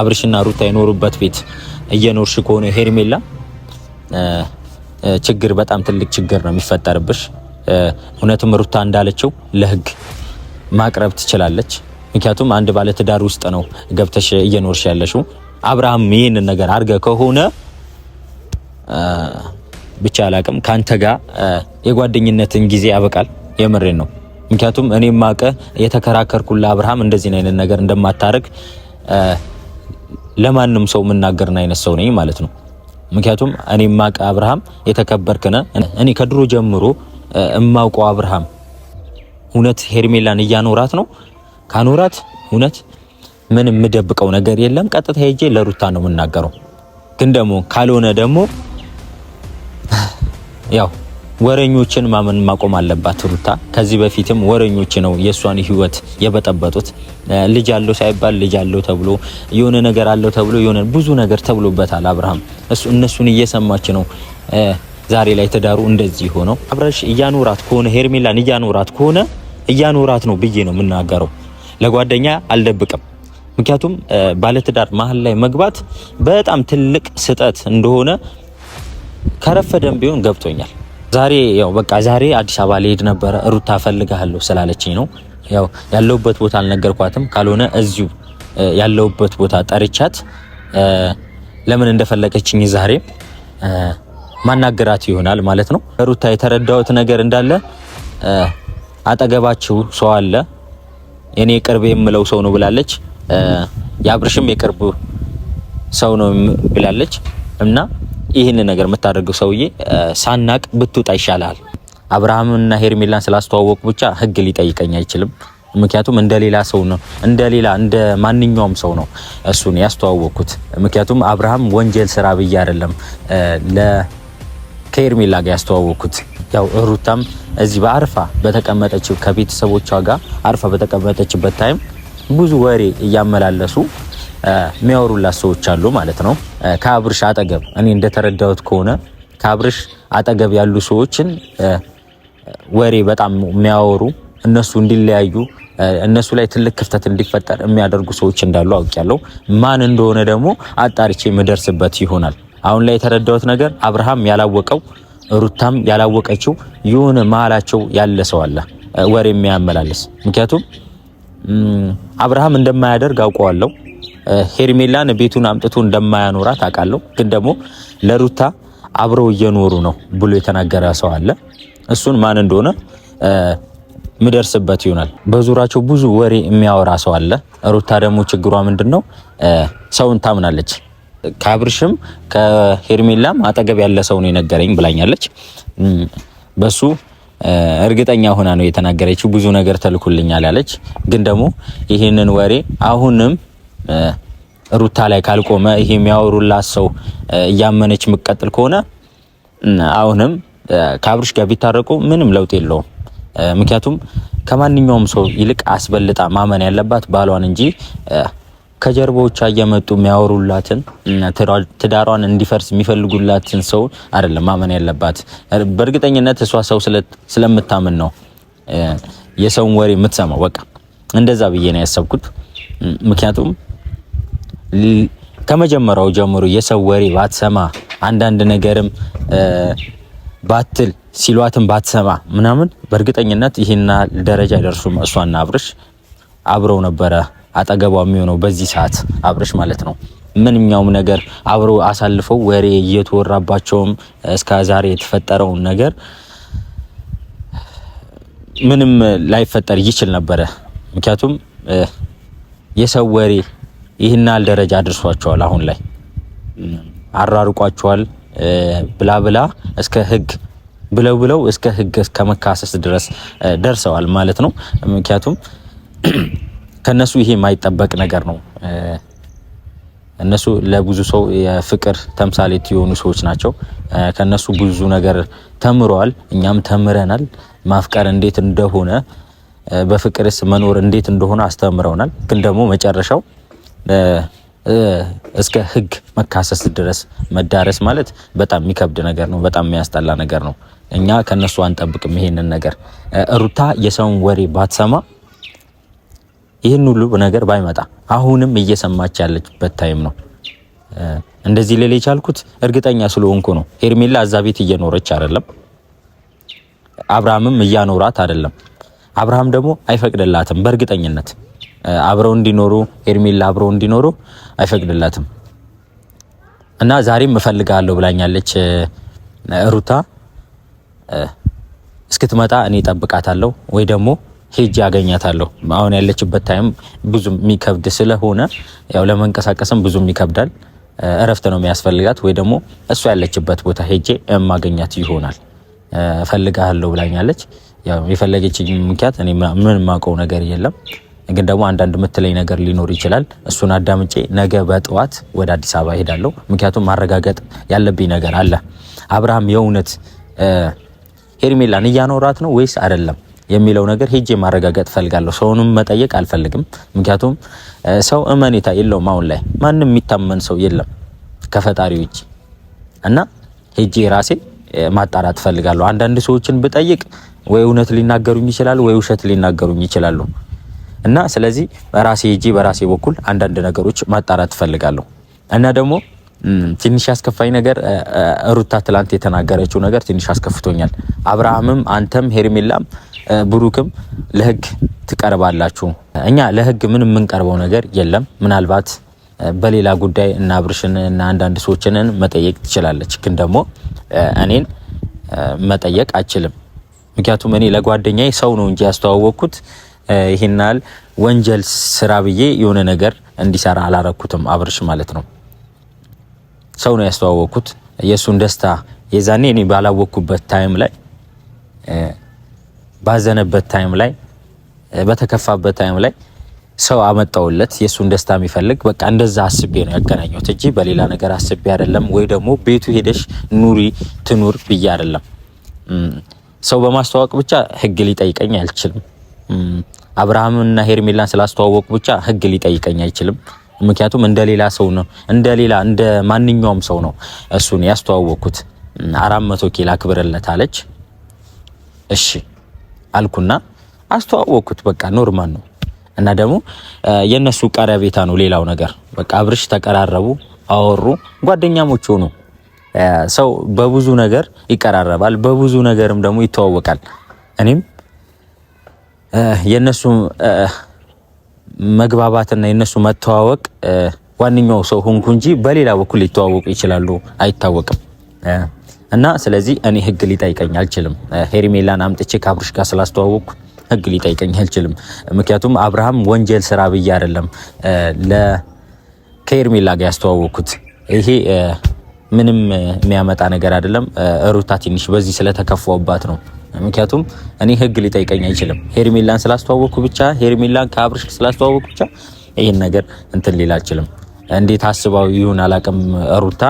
አብርሽና ሩታ የኖሩበት ቤት እየኖርሽ ከሆነ ሄርሜላ ችግር በጣም ትልቅ ችግር ነው የሚፈጠርብሽ። እውነትም ሩታ እንዳለችው ለህግ ማቅረብ ትችላለች። ምክንያቱም አንድ ባለትዳር ውስጥ ነው ገብተሽ እየኖርሽ ያለሽው። አብርሃም ይህንን ነገር አድርገ ከሆነ ብቻ አላቅም ከአንተ ጋር የጓደኝነትን ጊዜ ያበቃል። የምሬን ነው። ምክንያቱም እኔም ማቀ የተከራከርኩላ አብርሃም እንደዚህ አይነት ነገር እንደማታረግ ለማንም ሰው የምናገርን አይነት ሰው ነኝ ማለት ነው። ምክንያቱም እኔ ማቀ አብርሃም የተከበርክነ እኔ ከድሮ ጀምሮ እማውቀው አብርሃም እውነት ሄርሜላን እያኖራት ነው። ካኖራት እውነት ምን የምደብቀው ነገር የለም። ቀጥታ ሄጄ ለሩታ ነው የምናገረው። ግን ደግሞ ካልሆነ ደግሞ ያው ወረኞችን ማመን ማቆም አለባት ሩታ። ከዚህ በፊትም ወረኞች ነው የእሷን ህይወት የበጠበጡት። ልጅ አለው ሳይባል ልጅ አለው ተብሎ የሆነ ነገር አለው ተብሎ የሆነ ብዙ ነገር ተብሎበታል አብርሃም። እነሱን እየሰማች ነው ዛሬ ላይ ትዳሩ እንደዚህ ሆነው። አብረሽ እያኖራት ከሆነ ሄርሜላን እያኖራት ከሆነ እያኖራት ነው ብዬ ነው የምናገረው። ለጓደኛ አልደብቅም። ምክንያቱም ባለትዳር መሀል ላይ መግባት በጣም ትልቅ ስጠት እንደሆነ ከረፈደም ቢሆን ገብቶኛል። ዛሬ ያው በቃ ዛሬ አዲስ አበባ ልሄድ ነበረ ሩታ ፈልጋለሁ ስላለችኝ ነው። ያው ያለውበት ቦታ አልነገርኳትም። ካልሆነ እዚሁ ያለውበት ቦታ ጠርቻት ለምን እንደፈለገችኝ ዛሬ ማናገራት ይሆናል ማለት ነው። ሩታ የተረዳሁት ነገር እንዳለ አጠገባችሁ ሰው አለ፣ እኔ ቅርብ የምለው ሰው ነው ብላለች። የአብርሽም የቅርብ ሰው ነው ብላለች እና ይህን ነገር የምታደርገው ሰውዬ ሳናቅ ብትውጣ ይሻላል። አብርሃምና ሄርሜላን ስላስተዋወቁ ብቻ ህግ ሊጠይቀኝ አይችልም። ምክንያቱም እንደሌላ ሰው ነው እንደሌላ እንደ ማንኛውም ሰው ነው እሱን ያስተዋወቅኩት። ምክንያቱም አብርሃም ወንጀል ስራ ብዬ አይደለም ከሄርሜላ ጋር ያስተዋወቅኩት። ያው ሩታም እዚህ በአርፋ በተቀመጠች ከቤተሰቦቿ ጋር አርፋ በተቀመጠችበት ታይም ብዙ ወሬ እያመላለሱ የሚያወሩላት ሰዎች አሉ ማለት ነው። ከአብርሽ አጠገብ እኔ እንደተረዳሁት ከሆነ ከአብርሽ አጠገብ ያሉ ሰዎችን ወሬ በጣም የሚያወሩ እነሱ እንዲለያዩ እነሱ ላይ ትልቅ ክፍተት እንዲፈጠር የሚያደርጉ ሰዎች እንዳሉ አውቄያለሁ። ማን እንደሆነ ደግሞ አጣርቼ የምደርስበት ይሆናል። አሁን ላይ የተረዳሁት ነገር አብርሃም ያላወቀው ሩታም ያላወቀችው የሆነ መሀላቸው ያለ ሰው አለ ወሬ የሚያመላልስ። ምክንያቱም አብርሃም እንደማያደርግ አውቀዋለሁ። ሄርሜላን ቤቱን አምጥቶ እንደማያኖራት አውቃለሁ። ግን ደግሞ ለሩታ አብረው እየኖሩ ነው ብሎ የተናገረ ሰው አለ። እሱን ማን እንደሆነ ምደርስበት ይሆናል። በዙራቸው ብዙ ወሬ የሚያወራ ሰው አለ። ሩታ ደግሞ ችግሯ ምንድን ነው? ሰውን ታምናለች። ከአብርሽም ከሄርሜላም አጠገብ ያለ ሰው ነው የነገረኝ ብላኛለች። በሱ እርግጠኛ ሆና ነው የተናገረችው። ብዙ ነገር ተልኩልኛል ያለች ግን ደግሞ ይህንን ወሬ አሁንም ሩታ ላይ ካልቆመ ይሄ የሚያወሩላት ሰው እያመነች የምትቀጥል ከሆነ አሁንም ከአብርሽ ጋር ቢታረቁ ምንም ለውጥ የለውም። ምክንያቱም ከማንኛውም ሰው ይልቅ አስበልጣ ማመን ያለባት ባሏን እንጂ ከጀርባዎቿ እየመጡ የሚያወሩላትን ትዳሯን እንዲፈርስ የሚፈልጉላትን ሰው አይደለም ማመን ያለባት። በእርግጠኝነት እሷ ሰው ስለምታምን ነው የሰውን ወሬ የምትሰማው። በቃ እንደዛ ብዬ ነው ያሰብኩት። ምክንያቱም ከመጀመሪያው ጀምሮ የሰው ወሬ ባትሰማ አንዳንድ ነገርም ባትል ሲሏትም ባትሰማ ምናምን በእርግጠኝነት ይህና ደረጃ አይደርሱም። እሷና አብርሽ አብረው ነበረ አጠገቧ የሚሆነው በዚህ ሰዓት አብርሽ ማለት ነው። ምንኛውም ነገር አብረው አሳልፈው ወሬ እየተወራባቸውም እስከ ዛሬ የተፈጠረውን ነገር ምንም ላይፈጠር ይችል ነበረ። ምክንያቱም የሰው ወሬ ይህን ያህል ደረጃ አድርሷቸዋል። አሁን ላይ አራርቋቸዋል። ብላ ብላ እስከ ህግ ብለው ብለው እስከ ህግ እስከ መካሰስ ድረስ ደርሰዋል ማለት ነው። ምክንያቱም ከነሱ ይሄ የማይጠበቅ ነገር ነው። እነሱ ለብዙ ሰው የፍቅር ተምሳሌት የሆኑ ሰዎች ናቸው። ከነሱ ብዙ ነገር ተምረዋል፣ እኛም ተምረናል። ማፍቀር እንዴት እንደሆነ በፍቅርስ መኖር እንዴት እንደሆነ አስተምረውናል። ግን ደግሞ መጨረሻው እስከ ህግ መካሰስ ድረስ መዳረስ ማለት በጣም የሚከብድ ነገር ነው። በጣም የሚያስጠላ ነገር ነው። እኛ ከነሱ አንጠብቅም ይሄንን ነገር። ሩታ የሰውን ወሬ ባትሰማ ይህን ሁሉ ነገር ባይመጣ አሁንም እየሰማች ያለችበት ታይም ነው። እንደዚህ ልል የቻልኩት እርግጠኛ ስለሆንኩ ነው። ሄርሜላ እዛ ቤት እየኖረች አይደለም፣ አብርሃምም እያኖራት አይደለም። አብርሃም ደግሞ አይፈቅድላትም በእርግጠኝነት አብረው እንዲኖሩ ኤርሚላ አብረው እንዲኖሩ አይፈቅድላትም እና ዛሬም እፈልጋለሁ ብላኛለች ሩታ። እስክትመጣ እኔ እጠብቃታለሁ ወይ ደግሞ ሄጅ ያገኛታለሁ። አሁን ያለችበት ታይም ብዙ የሚከብድ ስለሆነ ያው ለመንቀሳቀስም ብዙም ይከብዳል። እረፍት ነው የሚያስፈልጋት። ወይ ደግሞ እሷ ያለችበት ቦታ ሄጄ የማገኛት ይሆናል። እፈልግሃለሁ ብላኛለች። የፈለገችኝ ምክንያት እኔ ምን ማውቀው ነገር የለም። ግን ደግሞ አንዳንድ ምትለኝ ነገር ሊኖር ይችላል። እሱን አዳምጬ ነገ በጠዋት ወደ አዲስ አበባ እሄዳለሁ። ምክንያቱም ማረጋገጥ ያለብኝ ነገር አለ። አብርሃም የእውነት ሄርሜላን እያኖራት ነው ወይስ አይደለም የሚለው ነገር ሄጄ ማረጋገጥ ፈልጋለሁ። ሰውንም መጠየቅ አልፈልግም። ምክንያቱም ሰው እመኔታ የለውም። አሁን ላይ ማንም የሚታመን ሰው የለም ከፈጣሪ ውጭ እና ሄጄ ራሴ ማጣራት ፈልጋለሁ። አንዳንድ ሰዎችን ብጠይቅ ወይ እውነት ሊናገሩኝ ይችላሉ ወይ ውሸት ሊናገሩኝ ይችላሉ። እና ስለዚህ በራሴ እጂ በራሴ በኩል አንዳንድ ነገሮች ማጣራት እፈልጋለሁ እና ደግሞ ትንሽ ያስከፋኝ ነገር ሩታ ትላንት የተናገረችው ነገር ትንሽ አስከፍቶኛል። አብርሃምም አንተም ሄርሜላም ብሩክም ለህግ ትቀርባላችሁ። እኛ ለህግ ምን የምንቀርበው ነገር የለም። ምናልባት በሌላ ጉዳይ እና ብርሽን እና አንዳንድ ሰዎችንን መጠየቅ ትችላለች፣ ግን ደግሞ እኔን መጠየቅ አችልም። ምክንያቱም እኔ ለጓደኛዬ ሰው ነው እንጂ ያስተዋወቅኩት ይሄን ያህል ወንጀል ስራ ብዬ የሆነ ነገር እንዲሰራ አላረኩትም። አብርሽ ማለት ነው ሰው ነው ያስተዋወቅኩት። የእሱን ደስታ የዛኔ እኔ ባላወቅኩበት ታይም ላይ ባዘነበት ታይም ላይ በተከፋበት ታይም ላይ ሰው አመጣውለት የእሱን ደስታ የሚፈልግ በቃ እንደዛ አስቤ ነው ያገናኘሁት እንጂ በሌላ ነገር አስቤ አይደለም። ወይ ደግሞ ቤቱ ሄደሽ ኑሪ ትኑር ብዬ አይደለም። ሰው በማስተዋወቅ ብቻ ህግ ሊጠይቀኝ አልችልም። አብርሃምና ሄርሜላን ስላስተዋወቁ ብቻ ህግ ሊጠይቀኝ አይችልም። ምክንያቱም እንደሌላ ሰው ነው፣ እንደሌላ እንደ ማንኛውም ሰው ነው እሱን ያስተዋወቅኩት። አራት መቶ ኬላ ክብርለት አለች። እሺ አልኩና አስተዋወቅኩት። በቃ ኖርማል ነው። እና ደግሞ የእነሱ ቀረቤታ ነው ሌላው ነገር። በቃ አብርሽ ተቀራረቡ፣ አወሩ፣ ጓደኛሞች ሆኑ። ሰው በብዙ ነገር ይቀራረባል፣ በብዙ ነገርም ደግሞ ይተዋወቃል። እኔም የነሱ መግባባትና የነሱ መተዋወቅ ዋነኛው ሰው ሁንኩ እንጂ በሌላ በኩል ሊተዋወቁ ይችላሉ፣ አይታወቅም። እና ስለዚህ እኔ ህግ ሊጠይቀኝ አልችልም። ሄርሜላን አምጥቼ ከአብርሽ ጋር ስላስተዋወቅኩ ህግ ሊጠይቀኝ አልችልም። ምክንያቱም አብርሃም ወንጀል ስራ ብዬ አይደለም ከሄርሜላ ጋር ያስተዋወቅኩት። ይሄ ምንም የሚያመጣ ነገር አይደለም። ሩታ ትንሽ በዚህ ስለተከፋውባት ነው ምክንያቱም እኔ ህግ ሊጠይቀኝ አይችልም። ሄርሜላን ስላስተዋወቅኩ ብቻ ሄርሜላን ከአብርሽ ስላስተዋወቅኩ ብቻ ይህን ነገር እንትን ሊል አልችልም። እንዴት አስባው ይሁን አላቅም። ሩታ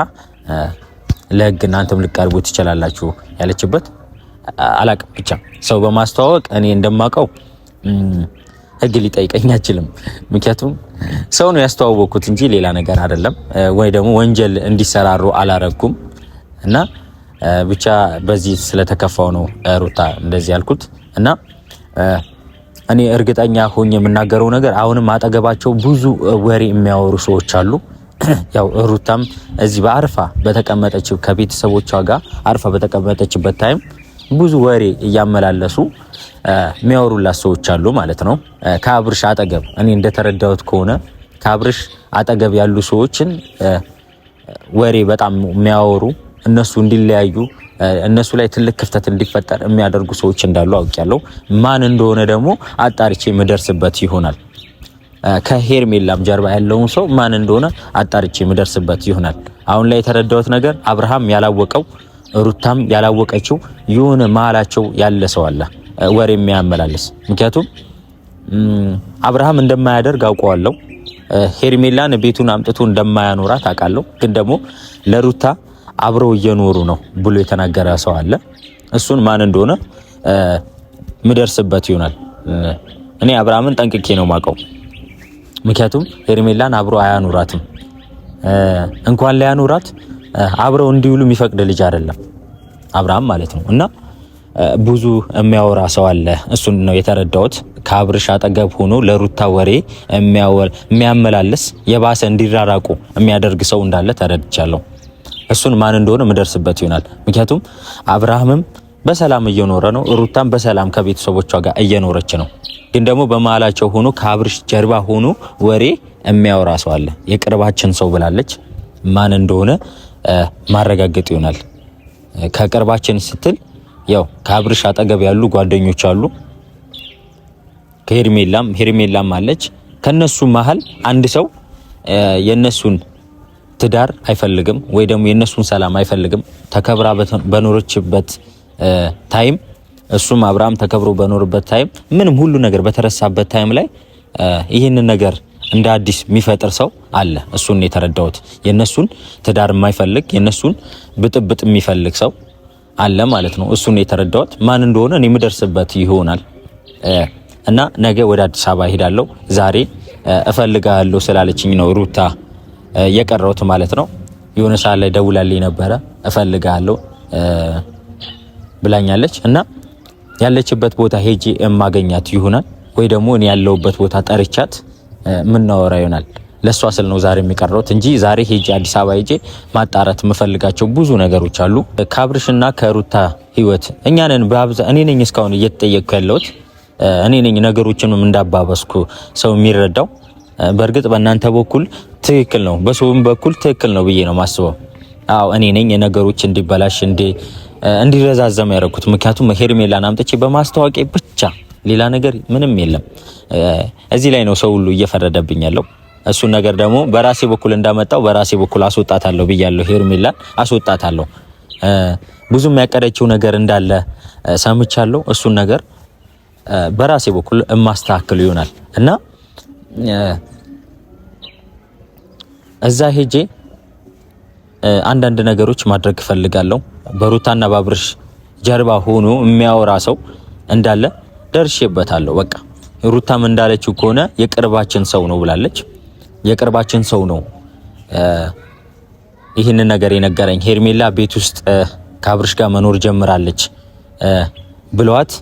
ለህግ እናንተም ልቀርቡ ትችላላችሁ ያለችበት አላቅም። ብቻ ሰው በማስተዋወቅ እኔ እንደማውቀው ህግ ሊጠይቀኝ አይችልም። ምክንያቱም ሰው ነው ያስተዋወቅኩት እንጂ ሌላ ነገር አይደለም። ወይ ደግሞ ወንጀል እንዲሰራሩ አላረግኩም እና ብቻ በዚህ ስለተከፋው ነው ሩታ እንደዚህ ያልኩት እና እኔ እርግጠኛ ሆኜ የምናገረው ነገር አሁንም አጠገባቸው ብዙ ወሬ የሚያወሩ ሰዎች አሉ። ያው ሩታም እዚህ በአርፋ በተቀመጠች ከቤተሰቦቿ ጋር አርፋ በተቀመጠችበት ታይም ብዙ ወሬ እያመላለሱ የሚያወሩላት ሰዎች አሉ ማለት ነው። ከአብርሽ አጠገብ እኔ እንደተረዳሁት ከሆነ ከአብርሽ አጠገብ ያሉ ሰዎችን ወሬ በጣም የሚያወሩ እነሱ እንዲለያዩ እነሱ ላይ ትልቅ ክፍተት እንዲፈጠር የሚያደርጉ ሰዎች እንዳሉ አውቄያለሁ። ማን እንደሆነ ደግሞ አጣርቼ የምደርስበት ይሆናል። ከሄርሜላም ጀርባ ያለውን ሰው ማን እንደሆነ አጣርቼ የምደርስበት ይሆናል። አሁን ላይ የተረዳሁት ነገር አብርሃም ያላወቀው ሩታም ያላወቀችው የሆነ መሀላቸው ያለ ሰው አለ፣ ወሬ የሚያመላልስ። ምክንያቱም አብርሃም እንደማያደርግ አውቀዋለሁ። ሄርሜላን ቤቱን አምጥቶ እንደማያኖራት አውቃለሁ። ግን ደግሞ ለሩታ አብረው እየኖሩ ነው ብሎ የተናገረ ሰው አለ። እሱን ማን እንደሆነ ምደርስበት ይሆናል። እኔ አብርሃምን ጠንቅቄ ነው ማቀው። ምክንያቱም ሄርሜላን አብሮ አያኑራትም። እንኳን ላያኑራት አብረው እንዲውሉ የሚፈቅድ ልጅ አይደለም አብርሃም ማለት ነው። እና ብዙ የሚያወራ ሰው አለ። እሱን ነው የተረዳሁት። ከአብርሽ አጠገብ ሆኖ ለሩታ ወሬ የሚያመላልስ የባሰ እንዲራራቁ የሚያደርግ ሰው እንዳለ ተረድቻለሁ። እሱን ማን እንደሆነ ምደርስበት ይሆናል። ምክንያቱም አብርሃምም በሰላም እየኖረ ነው፣ ሩታም በሰላም ከቤተሰቦቿ ጋር እየኖረች ነው። ግን ደግሞ በመሀላቸው ሆኖ ከአብርሽ ጀርባ ሆኖ ወሬ የሚያወራ ሰው አለ። የቅርባችን ሰው ብላለች። ማን እንደሆነ ማረጋገጥ ይሆናል። ከቅርባችን ስትል ያው ከአብርሽ አጠገብ ያሉ ጓደኞች አሉ፣ ከሄርሜላም ሄርሜላም አለች። ከነሱ መሀል አንድ ሰው የነሱን ትዳር አይፈልግም ወይ ደግሞ የእነሱን ሰላም አይፈልግም። ተከብራ በኖረችበት ታይም እሱም አብርሃም ተከብሮ በኖርበት ታይም ምንም ሁሉ ነገር በተረሳበት ታይም ላይ ይህንን ነገር እንደ አዲስ የሚፈጥር ሰው አለ። እሱን የተረዳሁት የእነሱን ትዳር የማይፈልግ የእነሱን ብጥብጥ የሚፈልግ ሰው አለ ማለት ነው። እሱን የተረዳሁት ማን እንደሆነ እኔ የምደርስበት ይሆናል እና ነገ ወደ አዲስ አበባ እሄዳለሁ ዛሬ እፈልጋለሁ ስላለችኝ ነው ሩታ የቀረውት ማለት ነው። የሆነ ሰዓት ላይ ደውላልኝ ነበረ እፈልጋለሁ ብላኛለች እና ያለችበት ቦታ ሄጄ የማገኛት ይሆናል ወይ ደግሞ እኔ ያለሁበት ቦታ ጠርቻት ምናወራ ይሆናል። ለእሷ ስል ነው ዛሬ የሚቀረውት እንጂ ዛሬ ሄጄ አዲስ አበባ ሄጄ ማጣራት የምፈልጋቸው ብዙ ነገሮች አሉ። ከአብርሽና ከሩታ ህይወት እኛንን በአብዛ እኔ ነኝ እስካሁን እየተጠየቅኩ ያለሁት እኔ ነኝ ነገሮችንም እንዳባበስኩ ሰው የሚረዳው በእርግጥ በእናንተ በኩል ትክክል ነው፣ በሰውም በኩል ትክክል ነው ብዬ ነው ማስበው። አዎ እኔ ነኝ የነገሮች እንዲበላሽ እንዲረዛዘም ያደረኩት። ምክንያቱም ሄርሜላን አምጥቼ በማስታወቂያ ብቻ ሌላ ነገር ምንም የለም። እዚህ ላይ ነው ሰው ሁሉ እየፈረደብኝ ያለው። እሱን ነገር ደግሞ በራሴ በኩል እንዳመጣው በራሴ በኩል አስወጣታለሁ ብያለሁ። ሄርሜላን አስወጣታለሁ። ብዙ የሚያቀደችው ነገር እንዳለ ሰምቻለሁ። እሱን ነገር በራሴ በኩል የማስተካክል ይሆናል እና እዛ ሄጄ አንዳንድ ነገሮች ማድረግ እፈልጋለሁ። በሩታና ባብርሽ ጀርባ ሆኖ የሚያወራ ሰው እንዳለ ደርሼበታለሁ። በቃ ሩታም እንዳለችው ከሆነ የቅርባችን ሰው ነው ብላለች። የቅርባችን ሰው ነው ይህንን ነገር የነገረኝ። ሄርሜላ ቤት ውስጥ ከአብርሽ ጋር መኖር ጀምራለች ብለዋት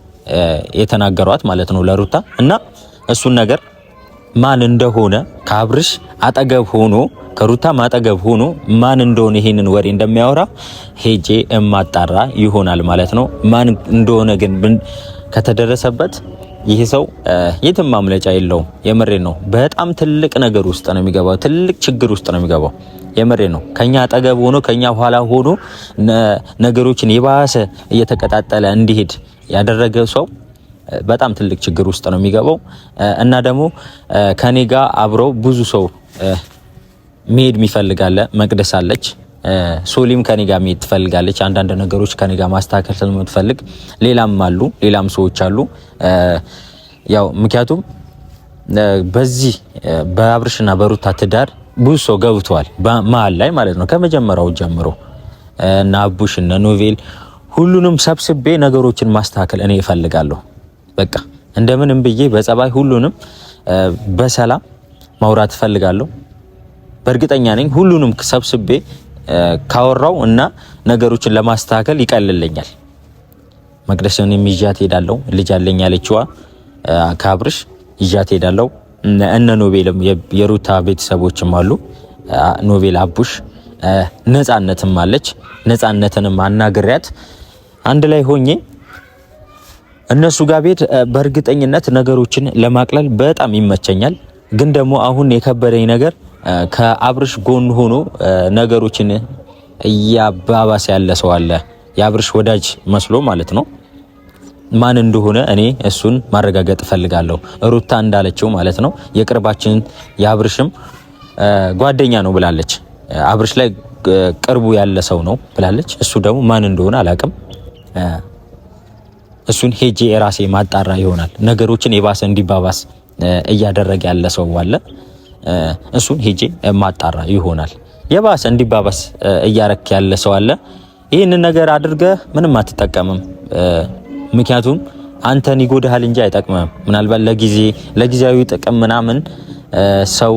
የተናገሯት ማለት ነው ለሩታ እና እሱን ነገር ማን እንደሆነ ከአብርሽ አጠገብ ሆኖ ከሩታም አጠገብ ሆኖ ማን እንደሆነ ይሄንን ወሬ እንደሚያወራ ሄጄ እማጣራ ይሆናል ማለት ነው። ማን እንደሆነ ግን ከተደረሰበት ይህ ሰው የትም ማምለጫ የለውም። የምሬ ነው። በጣም ትልቅ ነገር ውስጥ ነው የሚገባው። ትልቅ ችግር ውስጥ ነው የሚገባው። የምሬ ነው። ከኛ አጠገብ ሆኖ ከኛ ኋላ ሆኖ ነገሮችን የባሰ እየተቀጣጠለ እንዲሄድ ያደረገ ሰው በጣም ትልቅ ችግር ውስጥ ነው የሚገባው እና ደግሞ ከኔ ጋር አብረው ብዙ ሰው መሄድ የሚፈልጋለ መቅደስ አለች ሶሊም ከኔ ጋር መሄድ ትፈልጋለች። አንዳንድ ነገሮች ከኔ ጋር ማስተካከል ስለምትፈልግ ሌላም አሉ ሌላም ሰዎች አሉ። ያው ምክንያቱም በዚህ በአብርሽና በሩታ ትዳር ብዙ ሰው ገብተዋል፣ መሀል ላይ ማለት ነው። ከመጀመሪያው ጀምሮ እነ አቡሽ እነ ኖቬል ሁሉንም ሰብስቤ ነገሮችን ማስተካከል እኔ እፈልጋለሁ። በቃ እንደምንም ብዬ በጸባይ ሁሉንም በሰላም ማውራት እፈልጋለሁ። በእርግጠኛ ነኝ ሁሉንም ሰብስቤ ካወራው እና ነገሮችን ለማስተካከል ይቀልልኛል። መቅደስን ይዣት ሄዳለሁ። ልጅ አለኝ ያለችዋ ካብርሽ ይዣት ሄዳለሁ። እነ ኖቤል የሩታ ቤተሰቦችም አሉ። ኖቤል አቡሽ፣ ነጻነትም አለች። ነጻነትንም አናግሪያት አንድ ላይ ሆኜ እነሱ ጋር ቤት በእርግጠኝነት ነገሮችን ለማቅለል በጣም ይመቸኛል። ግን ደግሞ አሁን የከበደኝ ነገር ከአብርሽ ጎን ሆኖ ነገሮችን እያባባሰ ያለ ሰው አለ። የአብርሽ ወዳጅ መስሎ ማለት ነው። ማን እንደሆነ እኔ እሱን ማረጋገጥ እፈልጋለሁ። ሩታ እንዳለችው ማለት ነው የቅርባችን የአብርሽም ጓደኛ ነው ብላለች። አብርሽ ላይ ቅርቡ ያለ ሰው ነው ብላለች። እሱ ደግሞ ማን እንደሆነ አላቅም። እሱን ሄጄ የራሴ ማጣራ ይሆናል። ነገሮችን የባሰ እንዲባባስ እያደረገ ያለ ሰው አለ። እሱን ሄጄ ማጣራ ይሆናል። የባሰ እንዲባባስ እያረክ ያለ ሰው አለ። ይህንን ነገር አድርገህ ምንም አትጠቀምም። ምክንያቱም አንተን ይጎዳሃል እንጂ አይጠቅምም። ምናልባት ለጊዜ ለጊዜያዊ ጥቅም ምናምን ሰው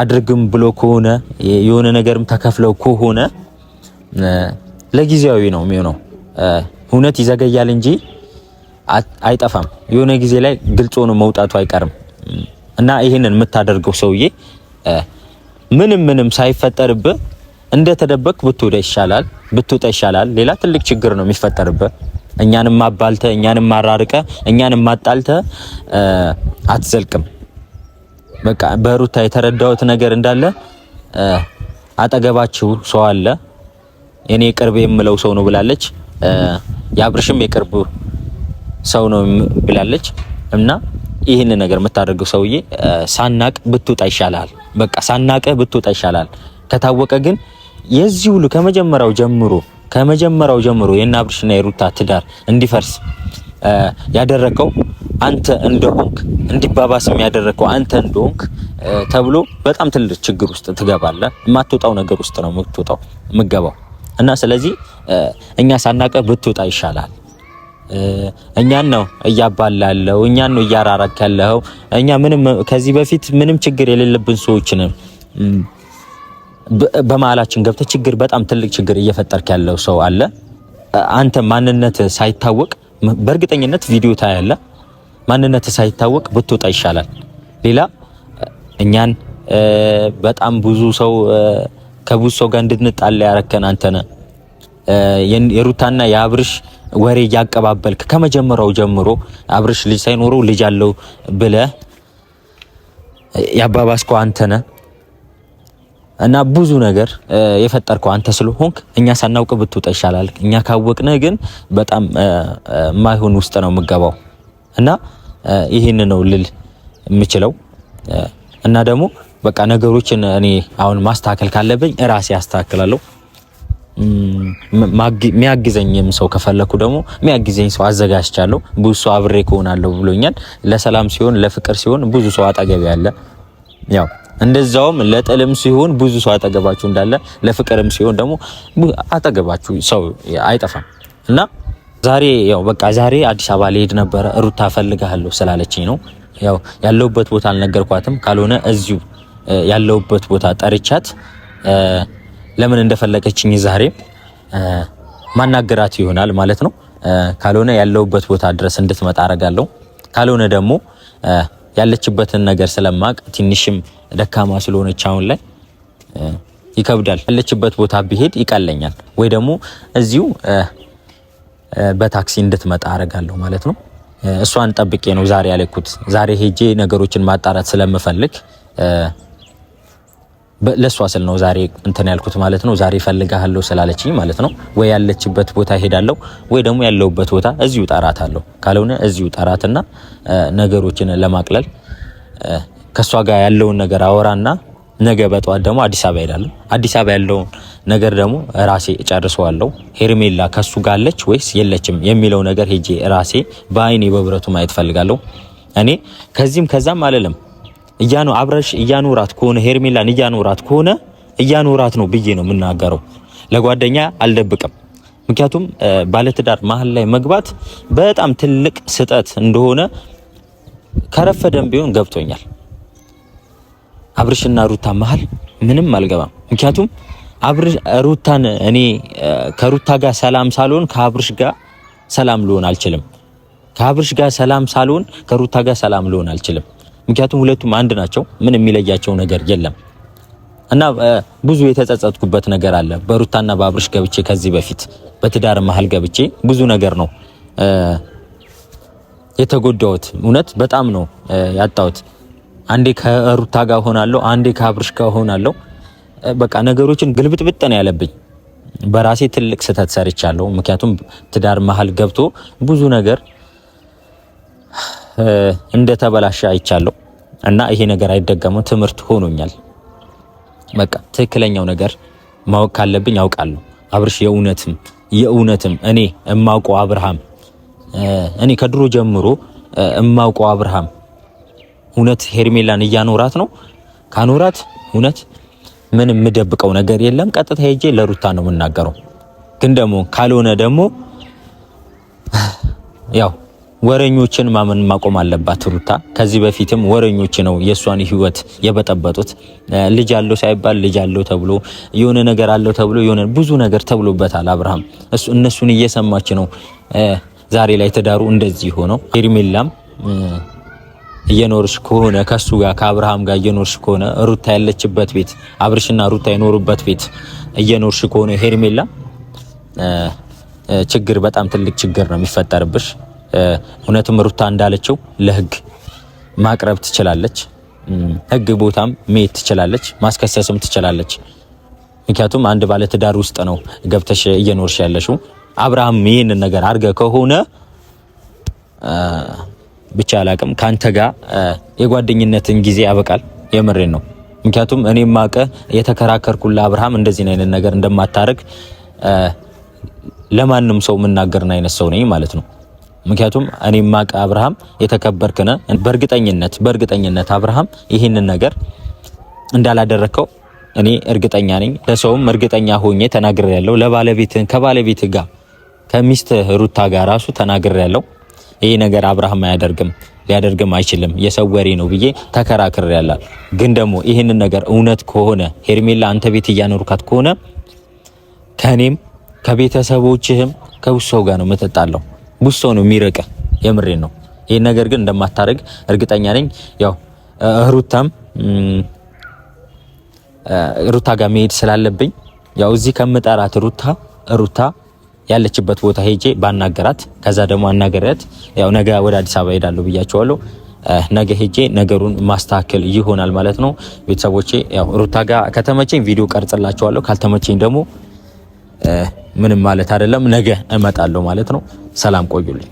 አድርግም ብሎ ከሆነ የሆነ ነገርም ተከፍለው ከሆነ ለጊዜያዊ ነው የሚሆነው። እውነት ይዘገያል እንጂ አይጠፋም። የሆነ ጊዜ ላይ ግልጽ ሆኖ መውጣቱ አይቀርም እና ይህንን የምታደርገው ሰውዬ ምንም ምንም ሳይፈጠርብህ እንደተደበቅ ብትወደ ይሻላል ብትወጣ ይሻላል። ሌላ ትልቅ ችግር ነው የሚፈጠርብህ። እኛንም አባልተ እኛንም አራርቀ እኛንም አጣልተ አትዘልቅም። በቃ በሩታ የተረዳሁት ነገር እንዳለ አጠገባችሁ ሰው አለ፣ እኔ ቅርብ የምለው ሰው ነው ብላለች። የአብርሽም የቅርብ ሰው ነው ብላለች እና ይህን ነገር የምታደርገው ሰውዬ ሳናቅ ብትወጣ ይሻላል። በቃ ሳናቀ ብትወጣ ይሻላል። ከታወቀ ግን የዚህ ሁሉ ከመጀመሪያው ጀምሮ ከመጀመሪያው ጀምሮ የእነ አብርሽና የሩታ ትዳር እንዲፈርስ ያደረከው አንተ እንደሆንክ እንዲባባስም ያደረከው አንተ እንደሆንክ ተብሎ በጣም ትልቅ ችግር ውስጥ ትገባለህ። የማትወጣው ነገር ውስጥ ነው የምትወጣው የምገባው እና ስለዚህ እኛ ሳናቀ ብትወጣ ይሻላል። እኛን ነው እያባላለው፣ እኛን ነው እያራራክ ያለው። እኛ ምንም ከዚህ በፊት ምንም ችግር የሌለብን ነን። በመሀላችን ገብተህ ችግር በጣም ትልቅ ችግር እየፈጠርክ ያለው ሰው አለ። አንተ ማንነት ሳይታወቅ በእርግጠኝነት ቪዲዮ ታያለ። ማንነት ሳይታወቅ ብትወጣ ይሻላል። ሌላ እኛን በጣም ብዙ ሰው ከብዙ ሰው ጋር እንድንጣላ ያረከን አንተነ የሩታና የአብርሽ ወሬ እያቀባበልክ ከመጀመሪያው ጀምሮ አብርሽ ልጅ ሳይኖረው ልጅ አለው ብለ ያባባስከው አንተነ እና ብዙ ነገር የፈጠርከው አንተ ስለሆንክ እኛ ሳናውቅ ብትውጠ ይሻላል። እኛ ካወቅነ ግን በጣም ማይሆን ውስጥ ነው የምገባው። እና ይህን ነው ልል የምችለው እና ደግሞ በቃ ነገሮችን እኔ አሁን ማስተካከል ካለብኝ እራሴ አስተካክላለሁ። የሚያግዘኝም ሰው ከፈለኩ ደግሞ የሚያግዘኝ ሰው አዘጋጅቻለሁ። ብዙ ሰው አብሬ ከሆናለሁ ብሎኛል። ለሰላም ሲሆን ለፍቅር ሲሆን ብዙ ሰው አጠገብ ያለ ያው እንደዛውም ለጥልም ሲሆን ብዙ ሰው አጠገባችሁ እንዳለ ለፍቅርም ሲሆን ደግሞ አጠገባችሁ ሰው አይጠፋም እና ዛሬ ያው በቃ ዛሬ አዲስ አበባ ልሄድ ነበረ። ሩታ ፈልጋለሁ ስላለችኝ ነው። ያው ያለሁበት ቦታ አልነገርኳትም። ካልሆነ እዚሁ ያለውበት ቦታ ጠርቻት ለምን እንደፈለገችኝ ዛሬ ማናገራት ይሆናል ማለት ነው። ካልሆነ ያለውበት ቦታ ድረስ እንድትመጣ አረጋለሁ። ካልሆነ ደግሞ ያለችበትን ነገር ስለማቅ ትንሽም ደካማ ስለሆነች አሁን ላይ ይከብዳል። ያለችበት ቦታ ቢሄድ ይቀለኛል፣ ወይ ደግሞ እዚሁ በታክሲ እንድትመጣ አረጋለሁ ማለት ነው። እሷን ጠብቄ ነው ዛሬ ያለኩት። ዛሬ ሄጄ ነገሮችን ማጣራት ስለምፈልግ ለእሷ ስል ነው ዛሬ እንትን ያልኩት ማለት ነው። ዛሬ ፈልጋለሁ ስላለችኝ ማለት ነው። ወይ ያለችበት ቦታ ሄዳለሁ፣ ወይ ደግሞ ያለውበት ቦታ እዚሁ ጠራት አለው ካልሆነ እዚሁ ጠራትና ነገሮችን ለማቅለል ከእሷ ጋር ያለውን ነገር አወራና ነገ በጠዋት ደግሞ አዲስ አበባ ሄዳለሁ። አዲስ አበባ ያለውን ነገር ደግሞ ራሴ እጨርሰዋለሁ። ሄርሜላ ከሱ ጋር አለች ወይስ የለችም የሚለው ነገር ሄጄ ራሴ በአይኔ በብረቱ ማየት ፈልጋለሁ። እኔ ከዚህም ከዛም አልልም እያኑ አብረሽ እያኖራት ከሆነ ሄርሜላን እያኖራት ከሆነ እያኖራት ነው ብዬ ነው የምናገረው። ለጓደኛ አልደብቅም። ምክንያቱም ባለትዳር መሀል ላይ መግባት በጣም ትልቅ ስጠት እንደሆነ ከረፈደም ቢሆን ገብቶኛል። አብርሽና ሩታ መሀል ምንም አልገባም። ምክንያቱም አብርሽ ሩታን እኔ ከሩታ ጋር ሰላም ሳልሆን ከአብርሽ ጋር ሰላም ልሆን አልችልም። ከአብርሽ ጋር ሰላም ሳልሆን ከሩታ ጋር ሰላም ልሆን አልችልም። ምክንያቱም ሁለቱም አንድ ናቸው። ምን የሚለያቸው ነገር የለም። እና ብዙ የተጸጸትኩበት ነገር አለ። በሩታና በአብርሽ ገብቼ ከዚህ በፊት በትዳር መሀል ገብቼ ብዙ ነገር ነው የተጎዳሁት። እውነት በጣም ነው ያጣሁት። አንዴ ከሩታ ጋር ሆናለሁ፣ አንዴ ከአብርሽ ጋር ሆናለሁ። በቃ ነገሮችን ግልብጥብጥ ነው ያለብኝ። በራሴ ትልቅ ስህተት ሰርቻለሁ። ምክንያቱም ትዳር መሀል ገብቶ ብዙ ነገር እንደተበላሸ አይቻለሁ እና ይሄ ነገር አይደገምም። ትምህርት ሆኖኛል። በቃ ትክክለኛው ነገር ማወቅ ካለብኝ አውቃለሁ። አብርሽ የእውነትም የእውነትም እኔ እማውቀው አብርሃም እኔ ከድሮ ጀምሮ እማውቀው አብርሃም እውነት ሄርሜላን እያኖራት ነው። ካኖራት እውነት ምንም የምደብቀው ነገር የለም። ቀጥታ ሄጄ ለሩታ ነው የምናገረው። ግን ደግሞ ካልሆነ ደግሞ ያው ወረኞችን ማመን ማቆም አለባት ሩታ። ከዚህ በፊትም ወረኞች ነው የእሷን ህይወት የበጠበጡት። ልጅ አለው ሳይባል ልጅ አለው ተብሎ የሆነ ነገር አለው ተብሎ የሆነ ብዙ ነገር ተብሎበታል አብርሃም። እነሱን እየሰማች ነው ዛሬ ላይ ትዳሩ እንደዚህ ሆነው። ሄርሜላም እየኖርሽ ከሆነ ከሱ ጋር ከአብርሃም ጋር እየኖርሽ ከሆነ ሩታ ያለችበት ቤት አብርሽና ሩታ የኖሩበት ቤት እየኖርሽ ከሆነ ሄርሜላ ችግር፣ በጣም ትልቅ ችግር ነው የሚፈጠርብሽ። እውነትም ሩታ እንዳለችው ለህግ ማቅረብ ትችላለች። ህግ ቦታም መሄድ ትችላለች፣ ማስከሰስም ትችላለች። ምክንያቱም አንድ ባለትዳር ውስጥ ነው ገብተሽ እየኖርሽ ያለሽው። አብርሃም ይህንን ነገር አድርገ ከሆነ ብቻ አላቅም ከአንተ ጋር የጓደኝነትን ጊዜ ያበቃል። የምሬን ነው። ምክንያቱም እኔም ማቀ የተከራከርኩላ አብርሃም እንደዚህ አይነት ነገር እንደማታረግ ለማንም ሰው የምናገርን አይነት ሰው ነኝ ማለት ነው። ምክንያቱም እኔ ማቀ አብርሃም የተከበርክነ በእርግጠኝነት በእርግጠኝነት አብርሃም ይህንን ነገር እንዳላደረከው እኔ እርግጠኛ ነኝ። ለሰውም እርግጠኛ ሆኜ ተናግሬ ያለው ለባለቤትህ ከባለቤት ጋር ከሚስት ሩታ ጋር ራሱ ተናግሬ ያለው ይሄ ነገር አብርሃም አያደርግም ሊያደርግም አይችልም የሰው ወሬ ነው ብዬ ተከራክሬ ያላል። ግን ደግሞ ይህንን ነገር እውነት ከሆነ ሄርሜላ አንተ ቤት እያኖርካት ከሆነ ከእኔም ከቤተሰቦችህም ከውሰው ጋር ነው የምትጣለው። ቡሶ ነው የሚርቅ። የምሬን ነው። ይሄን ነገር ግን እንደማታደርግ እርግጠኛ ነኝ። ያው ሩታም ሩታ ጋር መሄድ ስላለብኝ ያው እዚህ ከምጠራት ሩታ ሩታ ያለችበት ቦታ ሄጄ ባናገራት ከዛ ደግሞ አናገራት። ያው ነገ ወደ አዲስ አበባ ሄዳለሁ ብያቸዋለሁ። ነገ ሄጄ ነገሩን ማስተካከል ይሆናል ማለት ነው። ቤተሰቦቼ ያው ሩታ ጋር ከተመቸኝ ቪዲዮ ቀርጽላቸዋለሁ፣ ካልተመቸኝ ደግሞ ምንም ማለት አይደለም። ነገ እመጣለሁ ማለት ነው። ሰላም ቆዩልኝ።